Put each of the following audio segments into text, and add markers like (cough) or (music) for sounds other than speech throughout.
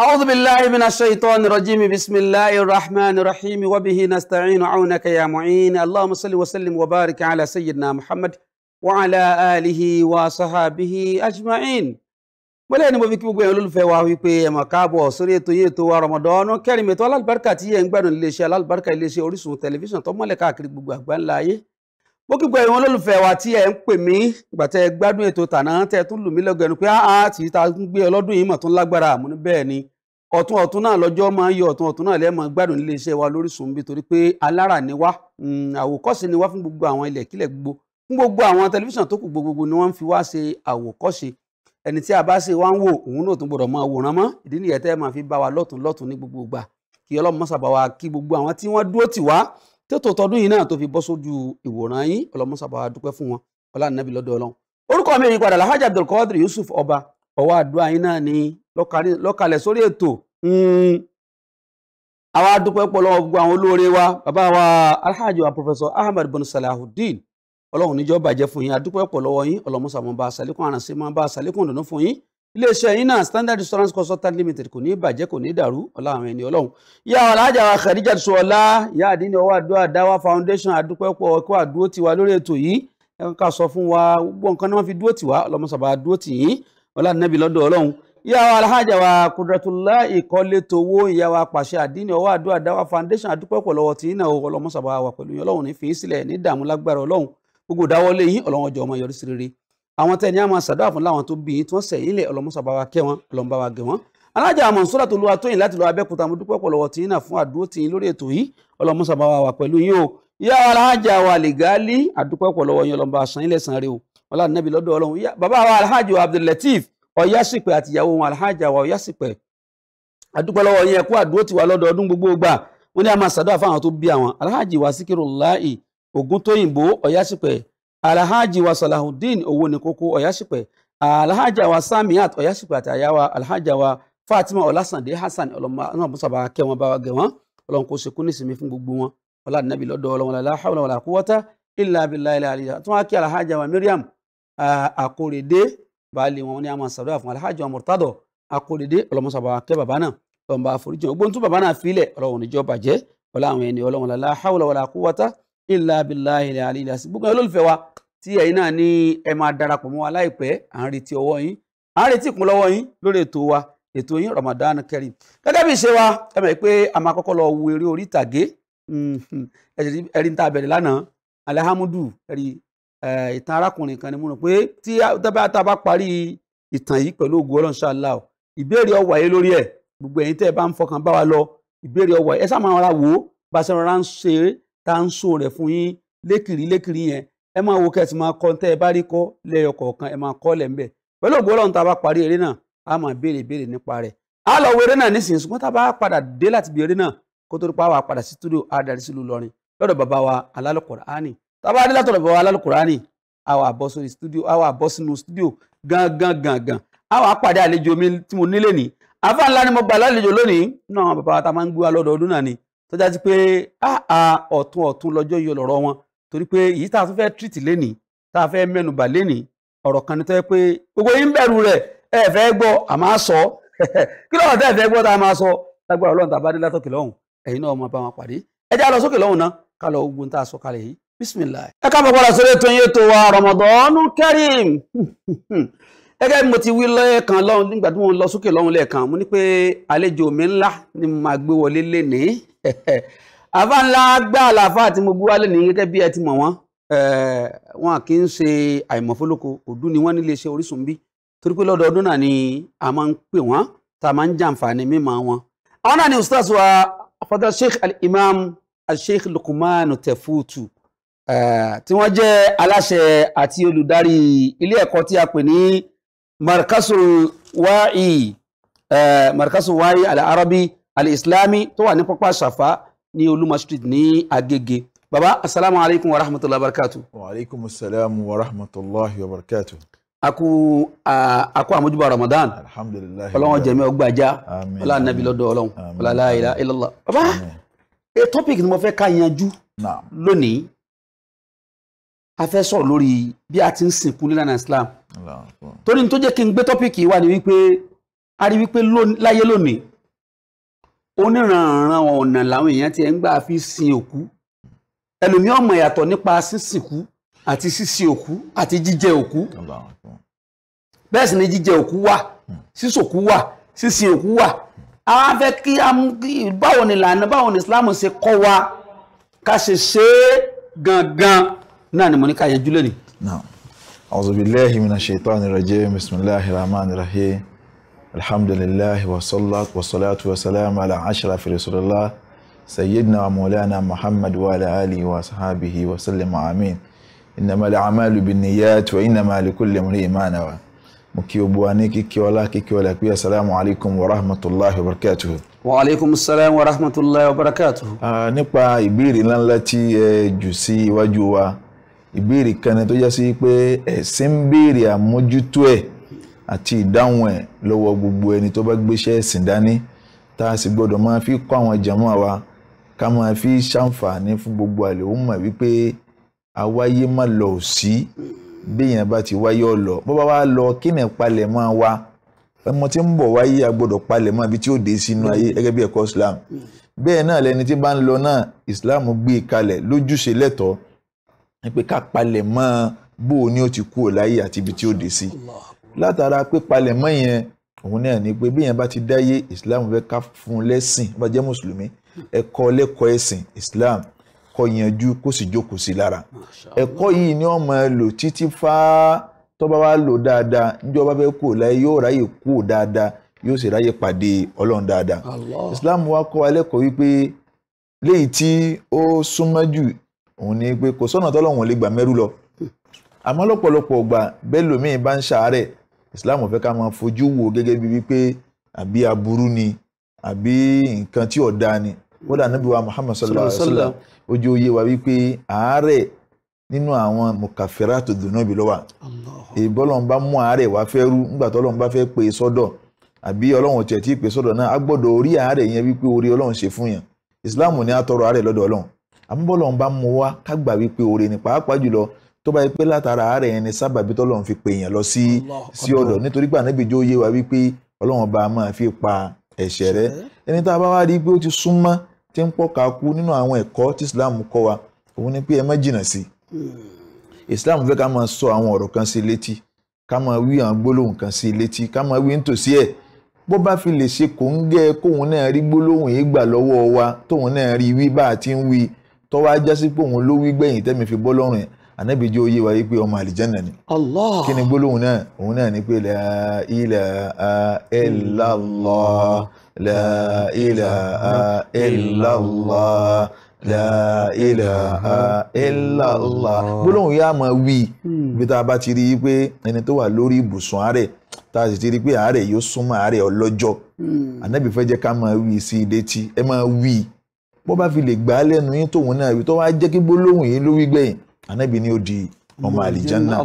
أعوذ بالله من الشيطان الرجيم بسم الله الرحمن الرحيم وبه نستعين عونك يا معين اللهم صل وسلم وبارك على سيدنا محمد وعلى آله وصحابه أجمعين mo lẹ́yìn ni mo fi kí gbogbo èèyàn olólùfẹ́ wa wípé ẹ mà káàbọ̀ sórí ètò yìí ètò wa Ramadan Kareem ètò alálùbáríkà tí yẹn ń gbádùn iléeṣẹ́ alálùbáríkà iléeṣẹ́ Orísun tẹlifíṣàn tó mọ́lẹ̀ káàkiri gbogbo àgbáńlá ayé mo kí gbogbo ìwọn olólùfẹ́ wa tí ẹ̀ ń pè mí ìgbà tẹ́ ẹ gbádùn ètò tàná tẹ́ ẹ tún lù mí lọ́gọ̀ ẹnu pé áá tí ta ń gbé ọlọ́dún yìí mọ̀ tó lágbára àmú ní bẹ́ẹ̀ ni ọ̀tún ọ̀tún náà lọ́jọ́ máa ń yọ ọ̀tún ọ̀tún náà lẹ́ẹ̀mọ́ gbádùn nílé iṣẹ́ wa lórísun bí torí pé alára ni wá hmm, àwòkọ́ṣe ni wá fún gbogbo àwọn ilẹ̀ kílẹ̀ gbogbo fún gbogbo àwọn tẹlifíṣàn tó kù gbogbogbò ni wọ́n fi wá ṣe àwòkọ́ṣe ẹni tí a wa lọ́tún lọ́tún ní gbogbo ìgbà kí ọlọ́run wa kí gbogbo àwọn tí wá tètò tọdún yìí náà tó fi bọ́ sójú ìwòran yín ọlọmọsàbà dúpẹ́ fún wọn ọlànàbí lọ́dọ̀ ọlọ́run orúkọ mi ìyípadà alhaji abdulkadir yusuf ọba ọwọ́ àdúrà yín náà ní lọ́kàlẹ̀ sórí ètò àwa hmm. dúpẹ́ pọ̀ lọ́wọ́ gbogbo àwọn olóore wa bàbá wa alhaji wa professor ahmed bin salahuddin ọlọ́run níjọ́ bàjẹ́ fún yín adúpẹ́ pọ̀ lọ́wọ́ yín ọlọmọsàmọ́ bá a sàlékún àrànṣe máa bá a sàlékún dùnú fún yín iléeṣẹ́ yín náà standard insurance consultant limited kò ní bàjẹ́ kò ní dàrú ọlá àwọn ẹni ọlọ́run ìyá ọ̀làjà wa Khadija Ṣọlá ìyá àdínní ọwọ́ àdúrà dáwà foundation àdúpẹ́pọ̀ ọkọ̀ àdúró tiwa lórí ètò yìí ẹ ká sọ fún wa gbogbo nǹkan ni wọ́n fi dúró tiwa ọlọ́mọ sábà dúró tì yín ọlá nẹ́bí lọ́dọ̀ ọlọ́run ìyá wa alhaja wa kudratulá ìkọ́lé towó ìyá wa pàṣẹ àdínní ọwọ́ àdúrà dáwà foundation àdúpẹ́pọ̀ lọ́wọ́ tì yín náà ọlọ́mọ sábà wà pẹ̀lú yín ọlọ́run ní fi í sílẹ̀ ní ìdààmú lágbára ọlọ́run gbogbo ìdáwọ́lé yín ọlọ́run ọjọ́ ọmọ yọrí sí àwọn tẹ́ ní àmọ́ sàdá fún láwọn tó bí yín tí wọ́n sẹ̀yìn lẹ̀ ọlọ́mọsàbáwa kẹ́ wọn ọlọ́mọbáwa gẹ̀ wọn. alájà àmọ̀nsọ́lá tó lu atóyìn láti lọ abẹ́kúta mo dúpẹ́ pọ̀ lọ́wọ́ tìyín náà fún àdúró tìyín lórí ètò yìí ọlọ́mọsàbáwa wà pẹ̀lú yín o. ìyá alájà wa lè gáálí àdúpẹ́ pọ̀ lọ́wọ́ yín ọlọ́mọba àṣàn ilẹ̀ sàn rè o ọlọ́nàbí lọ́dọ̀ ọlọ́run bàbá wa alhaji wa abdullateef ọ̀yásìpẹ̀ àti wa ọ̀yásìpẹ̀ àdúpẹ́ lọ́wọ́ yín ẹ̀kú àdúró tiwa lọ́dọọdún gbogbo gbà wọ́n ní a máa ṣàdúrà fáwọn tó alhaji wa salahudeen owó ní kókó ọ̀yáṣípẹ̀ alhaja wa samiat ọ̀yáṣípẹ̀ àti àyàwá alhaja wa fatima ọlásàndé hasan ọlọmọ náà bó sábà kẹ́ wọn bá wa gẹ̀ wọ́n ọlọ́run kò ṣekú ní ìsinmi fún gbogbo wọn ọlànàbí lọ́dọ̀ ọlọ́run la hawla wala quwwata illa billahi aliyah tí wọ́n á kí alhaja wa miriam àkórèdé baálé wọn ní àmọ́ sàdúrà fún alhaja wa murtado àkórèdé ọlọ́mọ sábà kẹ́ bàbá náà ọlọ́mọ bá foríjì wọn gbóntú bàbá náà fílẹ̀ ọlọ́run níjọ́ bàjẹ́ ọlọ́run ẹni ọlọ́run la hawla wala ilà abilà ilẹ̀ àlìlẹ̀ àti gbogbo olólùfẹ́ wa tí ẹ̀yin náà ní ẹ máa darapọ̀ mọ́ wa láìpẹ́ à ń retí ọwọ́ yín à ń retí ìkún lọ́wọ́ yín lórí ètò wa ètò yín Ramadan Kareem gẹ́gẹ́ bí ìṣe wa ẹ mọ̀ pé a máa kọ́kọ́ lọ wo eré orí ìtàgé hmm, ẹ̀rí ń ta abẹ̀rẹ̀ lánàá alihamudu ẹ̀rí ìtàn arákùnrin kan ni mo rò pé tí tá bá parí ìtàn yìí pẹ̀lú ògùn Ọlọ́run ṣáàlá o ìbéèrè ọwọ́ ayé lórí ẹ̀ gbogbo ẹ̀yin tẹ́ ẹ bá ń fọkàn bá wa lọ ìbéèrè ọwọ́ ẹ sáà máa ra wò bá a ṣe rọra ń ṣe tá à ń sọ rẹ̀ fún yín lékiri lékiri yẹn ẹ máa wo kẹ́sì máa kọ́ tẹ́ ẹ bá rí kọ́ lẹ́yọ kọ̀ọ̀kan ẹ máa kọ́ lẹ̀ ń bẹ̀ pẹ̀lú ògbó ọlọ́run tá a bá parí eré náà a máa béèrè béèrè nípa rẹ̀ a lọ wo eré náà nísinsìnyí ṣùgbọ́n tá a bá padà dé láti bí eré náà kó tó pa wà padà sí túdò adarí sílùú lọrin lọ́dọ̀ bàbá wa alálùkùránì tá a bá dé látọ̀dọ̀ bàbá wa alálùkùránì a wá bọ́ sórí stúdíò a wá bọ́ sínú stúdíò gangan gangan a wá pàdé àlejò mi tí mo nílé ní àfáà ńlá ni mo gbà lálejò lónìí náà bàbá wa ta máa ń gbé wa lọ́dọọdún náà ni tó jáde pé ọ̀tún ọ̀tún lọ́jọ́ yìí lọ́rọ̀ wọn torí pé èyí tá a tún fẹ́ tìrìtì lénìí tá a fẹ́ mẹ́nubà lénìí ọ̀rọ̀ kan ní tó yẹ pé gbogbo yín bẹ̀rù rẹ̀ ẹ fẹ́ gbọ́ a máa sọ (laughs) kí lọ́wọ́ tẹ́ ẹ fẹ́ gbọ́ tá a máa sọ lágbára ọlọ́run tá a bá dé látọ̀kì lọ́hùn ẹ̀yin náà máa bá wọn pàdé ẹ já lọ sókè lọ́hùn náà ká lọ ogun tá a sọ kalẹ̀ yìí bisimilayi. ẹ káàbọ̀ padà wa Ramadan Kareem (laughs) gẹ́gẹ́ bí mo ti wí lẹ́ẹ̀kan lọ́hùn nígbà tí mo lọ sókè lọ́hùn lẹ́ẹ̀kan mo àfa ńlá gbá àlàáfà tí mo wálé ní gẹ́gẹ́ bí ẹ ti mọ̀ wọ́n wọn kì í ṣe àìmọ̀fólóko òdú ni wọ́n nílé iṣẹ́ Orísun bí torí pé lọ́dọọdún náà ni a máa ń pè wọ́n tá a máa ń jàǹfààní mímọ́ wọn. àwọn náà ni ustaz wa afọ́dá sheikh al-imam al-sheikh lukumanu tefutu tí wọ́n jẹ́ aláṣẹ àti olùdarí ilé ẹ̀kọ́ tí a pè ní markasul wa'i markasul wa'i al-arabi al-islami tó wà ní pápá ṣàfà ní olúmọ street ní agége baba asalaamu alaykum wa rahmatulahi wa barakatu. wa aleykum salaam wa rahmatulahi wa barakatu. a kú a kú àmójúbà ramadan alhamdulilayi ọlọ́wọ́n jẹ̀mí ọgbàjá ọlá anabi lọ́dọ̀ ọlọ́wọ́n ọlá la ilaha illallah baba e topic ni mo fẹ́ ká yanjú lónìí a fẹ́ sọ̀rọ̀ lórí bí a ti ń sìnkú nílànà islam torí tó jẹ́ kí n gbé tọ́pìkì wa ni wípé a rí wípé láyé lónìí oníranran ọ̀nà làwọn èèyàn ti ẹ̀ ń gbà fi sin òkú ẹlòmíì ọmọ ìyàtọ̀ nípa sísìnkú àti sísìn òkú àti jíjẹ òkú bẹ́ẹ̀ sì ni jíjẹ òkú wà sísòkú wà sísìn òkú wà a wá fẹ́ kí báwo ni ìlànà báwo ni Islam ṣe kọ́ wa ká ṣe ṣe é gangan náà ni mo ní ká yẹn júlẹ̀ ni. A'udhu billahi minash shaitani rajim bismillahir rahmanir rahim. الحمد لله والصلاة والصلاة والسلام على أشرف رسول الله سيدنا ومولانا محمد وعلى آله وصحابه وسلم آمين إنما الأعمال بالنيات وإنما لكل امرئ ما نوى بوانيكي كيكيولا كيكيولا كي السلام عليكم ورحمة الله وبركاته وعليكم السلام ورحمة الله وبركاته آه nípa ìbéèrè ńláńlá جوسي وجوا jù كانت iwájú wa ìbéèrè kan àti ìdáhùn ẹ̀ lọ́wọ́ gbogbo ẹni tó bá gbéṣẹ́ ẹ̀sìn dání tá a sì gbọ́dọ̀ máa fi kọ́ àwọn jàmáà wa ká máa fi ṣàǹfààní fún gbogbo àlè ó mọ̀ wípé àwáyé má lọ òsí béèyàn bá ti wáyé ọlọ bó bá wá lọ kí ni ìpalẹ̀ máa wá ọmọ tí ń bọ̀ wáyé agbọ́dọ̀ palẹ̀ mọ́ àbí tí ó dé sínú ayé gẹ́gẹ́ bí ẹ̀kọ́ Islam bẹ́ẹ̀ náà lẹni tí bá ń lọ náà Islam gbé e kalẹ̀ lójúṣe lẹ́tọ̀ọ́ ni pé ká palẹ̀ mọ́ bó o ní ó ti kú ò láyé àti ibi tí ó dé sí látara pípalẹ̀ mọ́ yẹn òun náà ni pé bí yẹn bá ti dáyé islam fẹ́ ká fún un lẹ́sìn bá jẹ́ mùsùlùmí ẹ̀kọ́ lẹ́kọ̀ọ́ ẹ̀sìn islam kọ́ yanjú kó sì jókòó sí lára ẹ̀kọ́ yìí ni wọ́n máa lò títí fáá tó bá wá lò dáadáa níjọ́ bá fẹ́ kú láyé yóò ráyè kú dáadáa yóò sì ráyè pàdé ọlọ́run dáadáa islam wa kọ́ alẹ́kọ̀ọ́ wípé léyìí tí ó súnmọ́ jù òun ni pé kò sọ́nà tọ́lọ́run ò lè gbà mẹ́rú lọ àmọ́ lọ́pọ̀lọpọ̀ ọgbà bẹ́ẹ̀ lómi bá ń ṣàárẹ̀ islam ofeka ká máa fojú wo gẹ́gẹ́ bí wípé àbí aburú ni àbí nǹkan tí ò ni kódà níbi wa muhammad sallallahu alayhi wa sallam ojú oyé wa wípé àárẹ̀ nínú àwọn mùkàfẹ́rà tó dùnú ibi lọ́wọ́ ìbọ́lọ́n bá mú àárẹ̀ wá fẹ́ rú nígbà tó bá fẹ́ pè é sọ́dọ̀ àbí ọlọ́run tí ì yẹn wípé orí ọlọ́run ṣe fún islam ní àárẹ̀ lọ́dọ̀ ọlọ́run bá wípé ni pàápàá jùlọ tó bá yẹ pé látara àárẹ̀ yẹn ni sábàbí tọ́lọ́run fi pè yẹn lọ sí sí ọ̀dọ̀ nítorí pé ànábìjọ́ yé wa wípé ọlọ́run ọba máa fi pa ẹ̀ṣẹ̀ rẹ ẹni tá a bá wá rí i pé ó ti súnmọ́ tí ń pọ̀ka kú nínú àwọn ẹ̀kọ́ tí Islam kọ́ wa òun ni pé ẹ má jìnnà sí i hmm. Islam fẹ́ ká máa sọ àwọn ọ̀rọ̀ kan sí i létí ká máa wí àwọn gbólóhùn kan sí i létí ká máa wí nítòsí ẹ̀ bó bá fi lè ṣe kò kóun náà rí gbólóhùn yìí gbà lọ́wọ́ wa tóun náà rí wí bá a ti ń wí tọ́wọ́ ajá pé òun ló wí gbẹ̀yìn tẹ́mi fi bọ́ lọ́rùn yẹn anabi jẹ́ oyé wa wípé ọmọ àlìjánà ni. Allah kí ni gbólóhùn náà òun náà ni pé la ilaha illallah la ilaha illallah la ilaha illallah gbólóhùn yá máa wí ibi hmm. tá a bá ti rí i pé ẹni tó wà lórí ibùsùn àárẹ̀ tá a sì ti rí i pé àárẹ̀ yóò súnmọ́ àárẹ̀ ọlọ́jọ́ anabi hmm. fẹ́ jẹ́ ká máa wí sí i létí ẹ máa wí bó bá fi lè gbà á lẹ́nu yín tóun náà ibi tó wá jẹ́ kí gbólóhùn yín ló wí gbẹ̀yìn anábì ni ó di ọmọ àlìjánná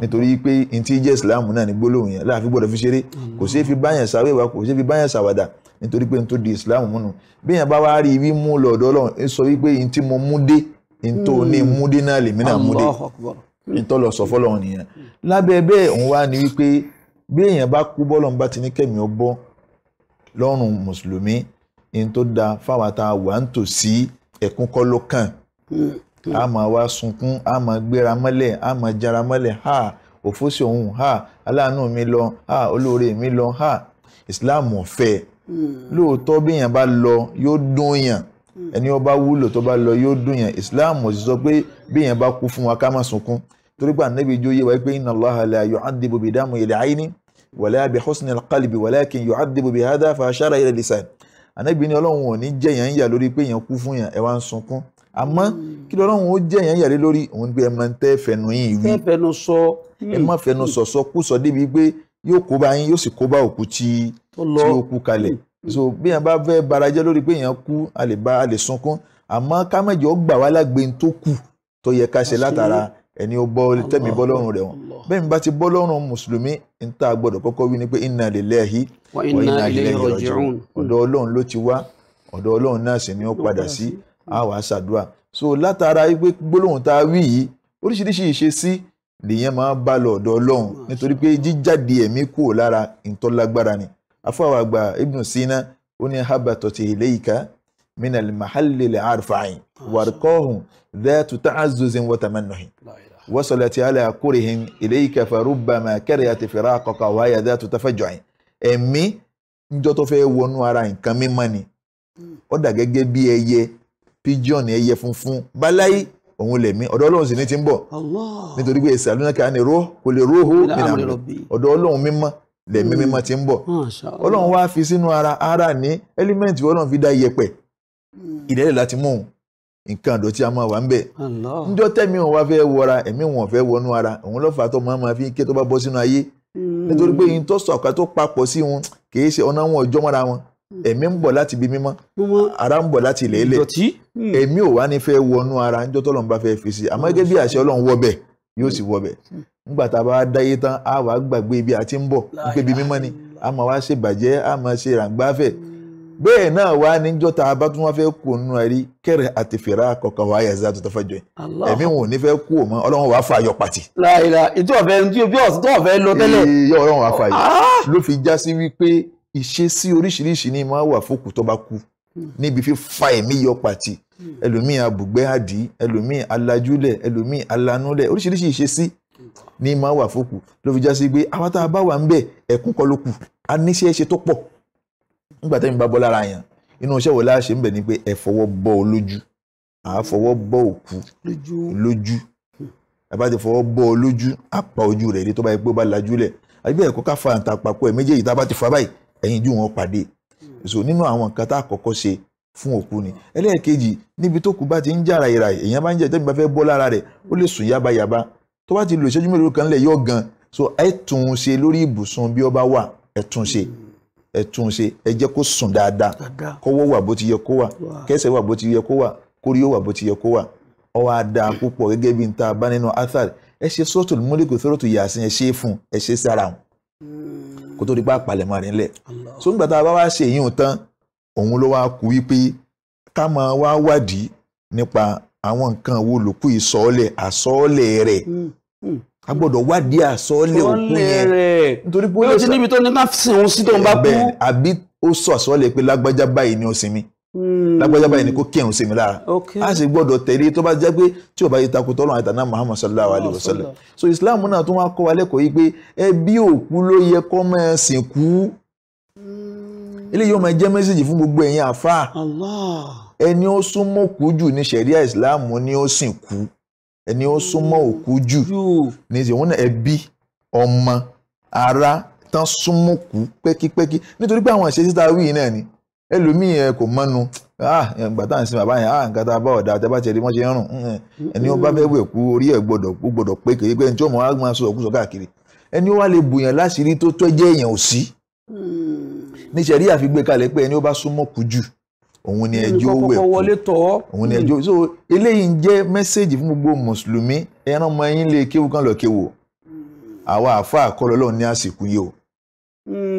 nítorí pé n tí jẹ́ ìsìláàmù náà ní gbólóhùn yẹn láàfin gbọ́dọ̀ fi ṣeré kò sí fi báyàn sáwéwà kò sí fi báyàn sàwàdà nítorí pé n tó di ìsìláàmù múnu bí yẹn bá wá rí ibi mú lọ́dọ̀ ọlọ́run ń sọ wípé n mo mú dé n tó ní hmm. mú dé náà lèmi náà mú dé n tó lọ sọ fọlọ́run nìyẹn lábẹ́ bẹ́ẹ̀ òun wá ní wípé bí èèyàn bá kú bọ́lọ́n bá ti ní kẹ́mi ọbọ́ lọ́rùn mùsùlùmí n da fáwọn àtàwọn à a máa wá sunkún a máa gbéra mọ́lẹ̀ a máa jara mọ́lẹ̀ ha òfó sí òun ha aláàánú mi lọ ha olóore mi lọ ha Islam ọ̀fẹ́ hmm. lóòótọ́ bí èèyàn bá lọ yóò dún yàn hmm. ẹni ó bá wúlò tó bá lọ yóò dùn yàn islam ò sì sọ pé bí bá kú fún wa ká má sunkún torí pé ànábì jó yé wa pé inna Allaha la yu'adhibu bi dam'il 'ayni wala bi husnil qalbi walakin yu'adhibu bi hadha fa ashara ila lisan ànábì ní ọlọ́run ò ní jẹ́ yàn ń yà lórí pé yẹn kú fún yàn ẹ wá ń sunkún àmọ́ hmm. kí lọ́lọ́run ó jẹ́ èèyàn yàrá lórí òun gbé ẹmọ tẹ́ fẹnu yín wí. tẹ́ fẹnu sọ. ẹ má fẹnu sọ hmm. sọ kú sọ débi pé yóò kó bá yín yóò sì kó bá òkú tí ó kú kalẹ̀. Hmm. so bí èèyàn bá fẹ́ bara jẹ́ lórí pé èèyàn kú a lè bá a lè sunkún àmọ́ ká gbà wá lágbe tó kù tó yẹ ká ṣe látara ẹni ó bọ́ tẹ́mi bọ́ lọ́rùn rẹ̀ wọn. bẹ́ẹ̀ bá ti bọ́ lọ́rùn mùsùlùmí ń gbọ́dọ̀ kọ́kọ́ wí ni pé inna lillahi wa inna ilayhi raji'un ọ̀dọ̀ ọlọ́run ló ti wá ọ̀dọ̀ ọlọ́run náà sì ni ó padà sí a wà á ṣàdúrà so látara wípé gbólóhùn tá a wí yìí oríṣiríṣi ìṣesí lèèyàn máa bá lọ ọ̀dọ̀ Ọlọ́run nítorí pé jíjáde ẹ̀mí kúrò lára ìtọ́lágbára ni afọwọ́ àgbà Ibn Sina ó ní habatọ̀tì ilayka minal mahalli lè arfa'in warqahum dhatu ta'azzuzin wa tamannuhin wasalati ala kurhin ilayka farubbama kariyat firaqaka wa hiya dhatu tafajju'in ẹ̀mí njọ́ tó fẹ́ wọnú ara nǹkan mímọ́ ni hmm. ó dà gẹ́gẹ́ bí ẹyẹ pigeon ẹyẹ funfun báláyé òun lẹ̀mí ọ̀dọ̀ ọlọ́run sì ní ti ń bọ̀ nítorí pé ìsàlùmọ́kà ni rọ́ kò lè róhó nínú ọ̀dọ̀ ọlọ́run mímọ́ lẹ̀mí mímọ́ ti ń bọ̀ ọlọ́run wá fi sínú ara ara ní ẹ́límẹ́ǹtì ọlọ́run fi dá yẹ̀pẹ̀ ìdẹ́lẹ̀ hmm. láti mú un nǹkan àdó tí a máa wà ń bẹ̀ níjọ́ tẹ̀mí wọn wá fẹ́ wọra ẹ̀mí wọn fẹ́ wọnú ara òun lọ́fà tó máa máa fi ké tó bá bọ́ sínú ayé hmm. nítorí pé yín tó sọ̀kà tó papọ̀ sí wọn kì í ṣe ọ̀nà Hmm. ẹ̀mí ń bọ̀ láti ibi mímọ́ ara ń bọ̀ láti ilẹ̀ ilẹ̀ hmm. ẹ̀mí ò wá ní fẹ́ wọnú ara níjọ́ tọ́lọ́run bá fẹ́ fi sí àmọ́ gẹ́gẹ́ bí àṣẹ ọlọ́run wọ bẹ̀ yóò sì wọ bẹ̀ hmm. nígbà tá a bá dáyé tán a wàá gbàgbé ibi àti ń bọ̀ wípé ibi mímọ́ ni a máa wá ṣe bàjẹ́ a máa ṣe ràǹgbáfẹ́ bẹ́ẹ̀ náà wá níjọ́ tá a bá tún wá fẹ́ kó nínú àrí kẹrẹ àti fèrè àkọ́kọ́ wa yẹ zá tuntun fẹjọ yìí wọn ò ní fẹ́ kú òmọ ọlọ́run wàá fà yọ pàtì. láìla ìtú ọ̀fẹ́ bí ọ̀sán tó ọ̀fẹ́ lọ tẹ́lẹ̀. iye ọlọ́run wàá fà yọ ah! ló fi já sí wípé ìṣesí oríṣiríṣi ní máa wà fókù tó bá kú hmm. níbi fífa ẹ̀mí yọ pàtì hmm. ẹlòmíì abùgbé àdí ẹlòmíì alájúlẹ̀ ẹlòmíì alanúlẹ̀ oríṣiríṣi ìṣesí hmm. ní máa wà fókù ló fi já sí pé àwọn tá a bá wà ń bẹ ẹ̀kún kọ́ ló kù a níṣẹ́ ṣe tó pọ̀ nígbà tẹ́mi bá bọ́ lára yàn inú iṣẹ́ wo láṣẹ ń bẹ ni pé ẹ fọwọ́ bọ́ ọ lójú à á fọwọ́ bọ́ òkú lójú ẹ bá ti fọwọ́ bọ́ ọ lójú á pa ojú rẹ̀ ní tó bá yẹ pé ó bá lajú lẹ̀ àbí ẹ̀kọ́ ká fa àǹtà àpapọ̀ ẹ̀ méjèèjì tá a bá ti fa báyìí ẹ̀yìn jù wọn pàdé hmm. so nínú àwọn nǹkan tá a kọ́kọ́ ṣe fún òkú ni ẹlẹ́ẹ̀kejì níbi tó kú bá ti ń jà ràyìnrà èèyàn bá ń jẹ tẹ́bi bá fẹ́ bọ́ lára rẹ̀ ó lè sùn yábayàba tó bá ti lo ìṣẹ́jú mélòó kan lẹ̀ yọ̀ gan so ẹ tún un ṣe lórí ibùsùn bí ó bá wà ẹ tún ṣe hmm. ẹ tún ṣe ẹ jẹ́ kó sùn dáadáa kọ́wọ́ wà bó ti yẹ kó wà kẹ́sẹ̀ wà bó ti yẹ kó wà kórí ó wà bó ti yẹ kó wà ó wá dáa púpọ̀ gẹ́gẹ́ bí n bá nínú kó tó di pa àpalẹ̀mọ́ rẹ̀ ńlẹ̀ so nígbà tá a bá wá ṣe èyí ò tán òun ló wá kú wípé ká máa wá wádìí nípa àwọn nǹkan wo lòkú ìsọ̀ọ́lẹ̀ àsọ̀ọ́lẹ̀ rẹ̀ hmm, hmm. a gbọ́dọ̀ wádìí àsọ̀ọ́lẹ̀ òkú yẹn nítorí pé ó lè sọ níbi tó ní ká sìn òun sí tó ń bá kú àbí ó sọ àsọ̀ọ́lẹ̀ pé lágbájá báyìí ni ó sinmi lágbájá báyìí ni kò kírun sí mi lára a sì gbọ́dọ̀ tẹ̀lé tó bá jẹ́ pé tí ò bá yẹ takò tọ́lọ́ àti àná Muhammad sallallahu alayhi wa sallam so Islam náà tún wá kọ́ wa lẹ́kọ̀ọ́ yìí pé ẹbí òkú ló yẹ kọ́ máa sìnkú hmm. eléyìí ó máa jẹ́ mẹ́sẹ̀gì fún gbogbo ẹ̀yin àfa ẹni ó súnmọ́ òkú jù ní ṣẹ̀ríà Islam ni ó sìnkú ẹni ó súnmọ́ hmm. òkú jù ní ìṣèwọ́n náà ẹbí ọmọ ara tán súnmọ́ òkú pẹ́kípẹ́kí nítorí pé àwọn ìṣesí tá a wí yìí náà ni ẹlòmíì ẹ kò mọ́nu ah, ìgbà tá à ń sin bàbá yẹn ah, nǹkan tá a bá ọ̀dà àtẹ́bá tiẹ̀ rí mọ́ ṣe ń rùn ẹni ó bá fẹ́ wẹ̀ kú orí ẹ̀ gbọ́dọ̀ gbọ́dọ̀ pé kéye pé ẹni tí ó mọ̀ á máa sọ òkú sọ káàkiri ẹni ó wá lè bùyàn láṣìírí tó tó jẹ́ èèyàn ò sí. Hmm. níṣẹ́ rí àfigbé kalẹ̀ pé ẹni ó bá súnmọ́ kú òun ni ẹjọ́ hmm. wẹ̀ kú òun ni ẹjọ́ so eléyìí jẹ́ mẹ́sẹ̀gì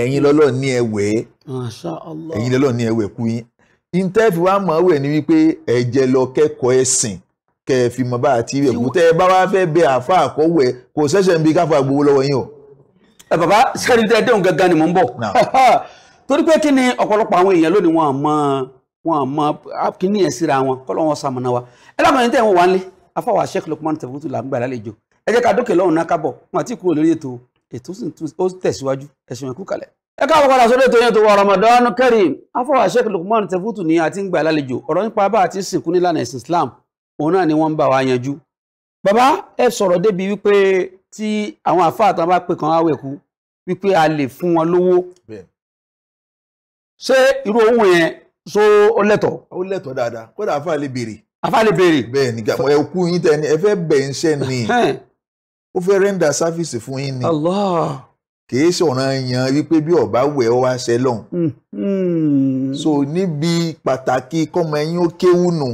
ẹ̀yin lọ́lọ́ ní ẹ wẹ̀ ẹ́ ẹ̀yin lọ́lọ́ ní ẹ wẹ̀ kú yín intẹ́fì wa mọ̀ wẹ̀ ni wípé ẹ̀jẹ̀ lọ kẹ́kọ̀ọ́ ẹ̀sìn kẹ́ ẹ fi mọ̀ bá àti ìwé kú tẹ́ ẹ bá wá fẹ́ bẹ àfa àkọ́wẹ̀ kò ṣẹ̀ṣẹ̀ ń bi káfa gbowó lọ́wọ́ yín o. ẹ bàbá sẹ́ni tẹ́ ẹ dẹ́hùn gangan ni mò ń bọ̀ (laughs) torí pé kí ni ọ̀pọ̀lọpọ̀ àwọn èèyàn lónìí wọn àmọ́ wọn àmọ́ kí ni ẹ̀ síra wọn kọ́ lọ́wọ́ sàmùnà wa ẹ lábàá ní tẹ́ wọn wá ń lé afọwọ́ àṣẹ kìlọ̀ kọ́mọ́nù tẹ̀fọ́tù là lálejò ẹ jẹ́ ká dókè lọ́hùn náà kábọ̀ wọn àti kúrò lórí ètò ètò sì ó tẹ̀síwájú ẹ̀sìn ẹ̀kú kalẹ̀. ẹ káàbọ̀ padà sórí ètò yẹn tó wà Ramadan Kareem afọwà Sheikh Lukman Tefutu ni a ti ń gbà lálejò ọ̀rọ̀ nípa bá a ti sìnkú nílànà ẹ̀sìn Islam òun náà ni wọ́n ń bá wa yanjú. bàbá ẹ sọ̀rọ̀ débi wípé tí àwọn àfáà tán bá pè kàn á wẹ̀kú wípé a lè fún wọn lówó. ṣé irú ohun yẹn so ó lẹ́tọ̀. ó lẹ́tọ̀ dáadáa kódà àfáà lè béèrè. àfáà lè béèrè. bẹ́ẹ̀ ni ẹkú yín ó fẹ́ rẹ́ńdà sáfíìsì fún yín ni kìí sọ̀ràn yan wípé bí ọba wẹ̀ ọ́ wá ṣe lọ́hùn. Hmm, hmm. so níbi pàtàkì kọ́mọ ẹ̀yìn ó kéwù nù.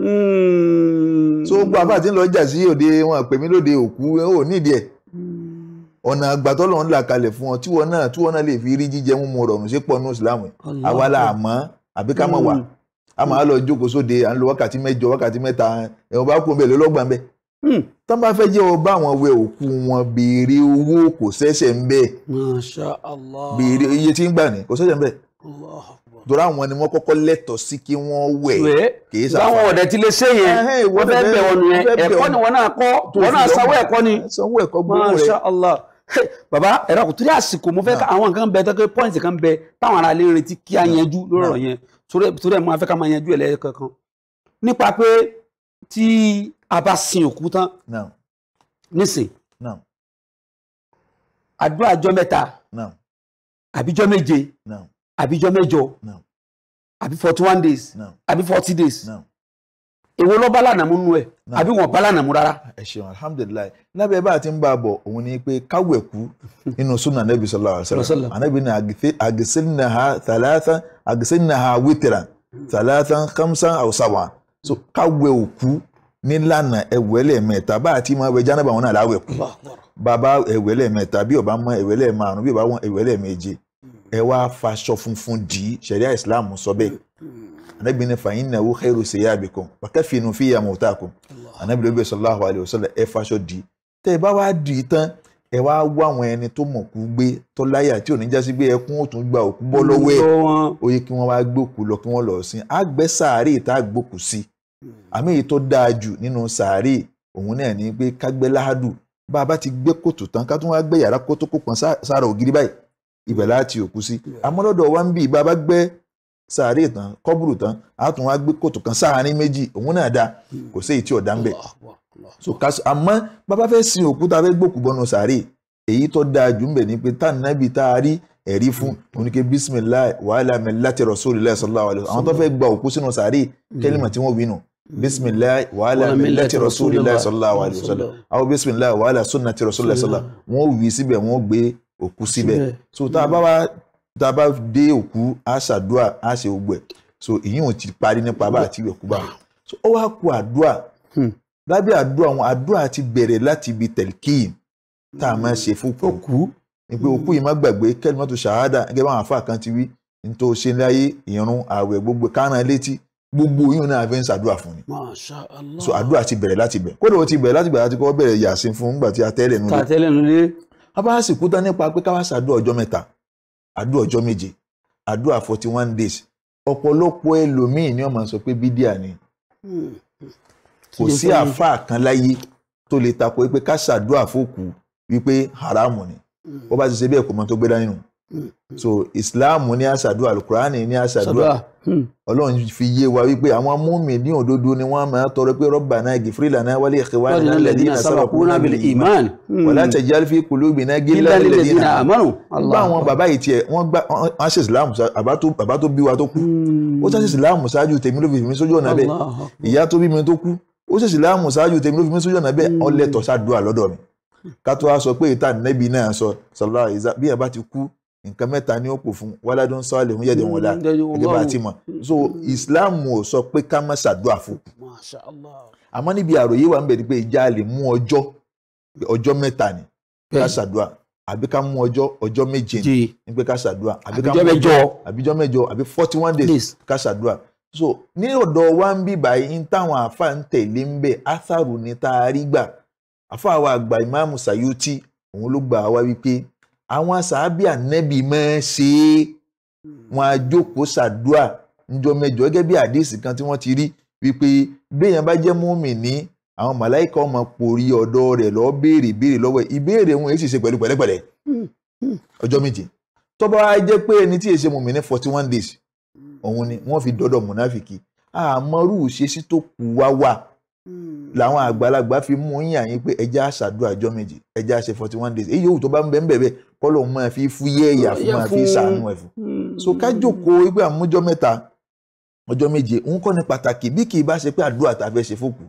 Hmm. so gbogbo àbá àti ńlọ jà sí òde wọn pè mí lóde òkú ó nídìí ẹ̀. ọ̀nà àgbàtọ́ lọ́n là kalẹ̀ fún ọ tí wọn náà tí wọn náà lè fi rí jíjẹ mú mu rọrùn sí pọnú ìsìlámù àwa la àmọ́ àbí ká mọ̀ wá a máa lọ jókòó sóde à ń lo wákàtí mẹ́jọ wákàtí mẹ́ta ẹ̀wọ̀n bá kún bẹ́ẹ̀ lọ́gbà bẹ́ẹ̀ Hmm. tó bá fẹ́ jẹ́ ọba àwọn wẹ òkú wọn béèrè owó kò ṣẹ̀ṣẹ̀ ń bẹ̀. Masha Allah. béèrè iye tí ń gbà ní kò ṣẹ̀ṣẹ̀ ń bẹ̀. dora àwọn ni wọ́n kọ́kọ́ lẹ́tọ̀ọ́ sí kí wọ́n wẹ̀. kìí sáfà báwọn ọ̀dẹ̀ ti lè ṣe yẹn wọ́n fẹ́ bẹ̀ wọn nìyẹn ẹ̀kọ́ ni wọ́n náà kọ́ wọ́n náà sanwó ẹ̀kọ́ ni. sanwó ẹ̀kọ́ gbogbo rẹ̀ Masha Allah. baba ẹ̀rọ kò torí àsìkò mo fẹ́ ká àwọn nǹkan bẹ tó pé pọ́ìntì kan bẹ táwọn ará ilé retí kí á yanjú lórí ọ̀rọ̀ yẹn torí ẹ̀ mo fẹ́ ká máa yanjú ẹ̀ lẹ́yìn kankan nípa pé tí a bá sin òkú tán nísìn àdúrà àjọ mẹ́ta àbíjọ méje àbíjọ No. Abi forty one days Abi forty days èwo ló bá lànà mú nú ẹ àbí wọn bá lànà mú rárá. ẹ ṣeun alhamdulilayi lábẹ́ bá a ti ń bá a bọ̀ òun ni pé káwẹ̀ kú nínú sunna anabi sallallahu alayhi wa sallam anabi ni agisinnaha thalathan agisinnaha witran thalathan khamsan aw sab'an so káwẹ̀ òkú nílànà ẹ̀wẹ̀ lẹ́ẹ̀mẹ́ta bá àti mọ ẹ̀wẹ̀ jánábà wọn náà láwẹ̀ kù bàbá ẹ̀wẹ̀ lẹ́ẹ̀mẹ́ta bí ọba mọ ẹ̀wẹ̀ lẹ́ẹ̀márùn bí ọba wọn ẹ̀wẹ̀ lẹ́ẹ̀méje ẹ wá faṣọ funfun dì í ṣẹ̀ríà islam sọ bẹ́ẹ̀ anabi ní fàyín náà wó khairu siyabikum wákẹ́fì nù fìyà mọ̀tàkùn anabi ló bẹ sallallahu alayhi wa sallam ẹ faṣọ dì í tẹ́ ẹ bá wá dì í tán ẹ wá wá àwọn ẹni tó mọ̀ kú gbé tó tí ò ní jásí gbé ẹkún ó tún gba òkú bọ́ lọ́wọ́ ẹ̀ àmì èyí tó dáa jù nínú sàárè òun náà ni pé kágbẹ́ láàdù bá a bá ti gbé kòtò tán ká tún wá gbé yàrá kó tó kó pọn sára ògiri báyìí ibẹ̀ láti òkú sí amọ́dọ̀dọ̀ wa ń bì bá a bá gbẹ́ sàárè tán kọ́bùrù tán a tún wá gbé kòtò kan sáàárín méjì òun náà da hmm. kò sí èyí tí ọ̀dà ń bẹ̀ so kaso àmọ́ bàbá fẹ́ sin òkú tá a fẹ́ gbòkú bọ́nu sàárè èyí tó dáa jù ń bẹ̀ ni pé táà nábì tá a rí ẹ̀rí fún oníke bisimilayi wàhálà mi láti rọ̀ sóòlù lẹ́sọ̀lá àwọn tó fẹ́ gba òkú sínú sàárè hmm. kẹ́límà tí wọ́n wí nù bisimilayi wàhálà milati rasulillahi sallallahu alayhi wa sallam awo bisimilayi wàhálà sunnati rasulillahi sallallahu wọn wì síbẹ̀ wọn gbé òkú síbẹ̀ so tá a bá wa tá a bá dé òkú a ṣàdúà a ṣe gbogbo ẹ̀ so ìyín ò ti parí nípa bá àti ìwẹ̀kú bá so ó wá ku àdúà hmm. lábẹ́ àdúà wọn àdúà ti bẹ̀rẹ̀ láti ibi tẹ̀lkíìm tá a máa ṣe fún òkú ìpè òkú yìí má gbàgbé kẹ́lí mọ́tò ṣàhádà gẹ́gẹ́ bá àwọn àfáà kan ti wí ní tó ṣe láyé ìrun ààwẹ̀ gbogbo kánà létí gbogbo yìí náà fẹ́ ń ṣàdúrà fún ni. Masha Allah. so àdúrà ti bẹ̀rẹ̀ láti bẹ̀ kódà ó ti bẹ̀rẹ̀ láti gbà láti kọ́ bẹ̀rẹ̀ yàsín fún nígbà tí a tẹ́lẹ̀ nulẹ̀. ta tẹ́lẹ̀ nulẹ̀. abáwá sì kúta nípa pé káwá ṣàdúrà ọjọ́ mẹ́ta àdúrà ọjọ́ méje àdúrà forty one days ọ̀pọ̀lọpọ̀ ẹlòmíì ni wọ́n máa sọ pé bídíà ni. Hmm, hmm. kò sí àáfàá kan láyé tó lè takò pé ká ṣàdúrà fókù wípé haramu ni. Hmm. bó bá ti ṣe bẹ́ẹ̀ kò mọ tó gbé dání nù so islam ní àṣàdúrà alukurani ní àṣàdúrà hmm. ọlọ́run fi yé wa wípé àwọn múmi ní òdodo ni wọ́n máa tọrọ pé rabbana gifri lana wali ikhwanina alladhina sabaquna bil iman hmm. wala tajal fi qulubina ghillan lil ladhina amanu. bá àwọn bàbá yìí tiẹ̀ wọ́n gbá wọ́n ṣe islam bàbá tó bí wa tó kú hmm. ó ṣe islam ṣáájú tèmi ló fi mi sójú ọ̀nà bẹ́ẹ̀ ìyá tó bí mi tó kú ó ṣe islam ṣáájú tèmi ló fi mi sójú ọ̀nà bẹ́ẹ̀ ọlẹ́tọ̀ ṣàdúrà lọ́dọ̀ mi ká tó wá sọ pé ìta nẹ́bí náà sọ sọlá ìzá bí ẹ bá ti kú nǹkan mẹ́ta ni ó pò fún waladun salihun yẹ̀dẹ̀ wọn la ẹgbẹ́ bá ti mọ̀ so islam ò sọ pé ká má ṣàdúrà fún. àmọ́ níbi àròyé wa ń bẹ̀rẹ̀ pé ìjà lè mú ọjọ́ ọjọ́ mẹ́ta ni ká ṣàdúrà àbí ká mú ọjọ́ ọjọ́ méje ni pé ká ṣàdúrà àbí ká mú ọjọ́ àbíjọ́ mẹ́jọ àbí forty one days ká ṣàdúrà so ní ọ̀dọ̀ wa ń bí báyìí ń táwọn àfa ń tẹ̀lé ń bẹ̀ átharu Sayuti òun ló àwọn sàábì ànẹ́bì máa ń ṣe é wọn á jókòó ṣàdúà níjọ́ mẹ́jọ gẹ́gẹ́ bí àdéhìsì kan tí wọ́n ti rí wípé béèyàn bá jẹ́ múmi ní àwọn màláìka ọmọ porí ọ̀dọ̀ rẹ̀ lọ́ọ́ béèrè béèrè lọ́wọ́ ẹ̀ ìbéèrè wọn èsì ṣe pẹ̀lú pẹ̀lẹ́pẹ̀lẹ́ ọjọ́ méje tó bá wá pé ẹni tí èsì múmi ní forty one days òun ni wọ́n fi dọ́dọ̀ mùnáfìkì àmọ́rú ìṣesí tó kù wá wà làwọn àgbàlagbà fi mú yín àyín pé ẹja ṣàdúrà ọjọ́ méje ẹja ṣe forty one days èyí yòówù tó bá ń bẹ́ẹ̀ bẹ́ẹ̀ kọ́lọ̀ máa fi fúyẹ́ ẹ̀yà fún máa fi ṣàánú ẹ̀ fún. Hmm. so ká jókòó wípé àmújọ́ mẹ́ta méje òun ni pàtàkì bí kì í bá ṣe pé àdúrà tá a fẹ́ ṣe fòkù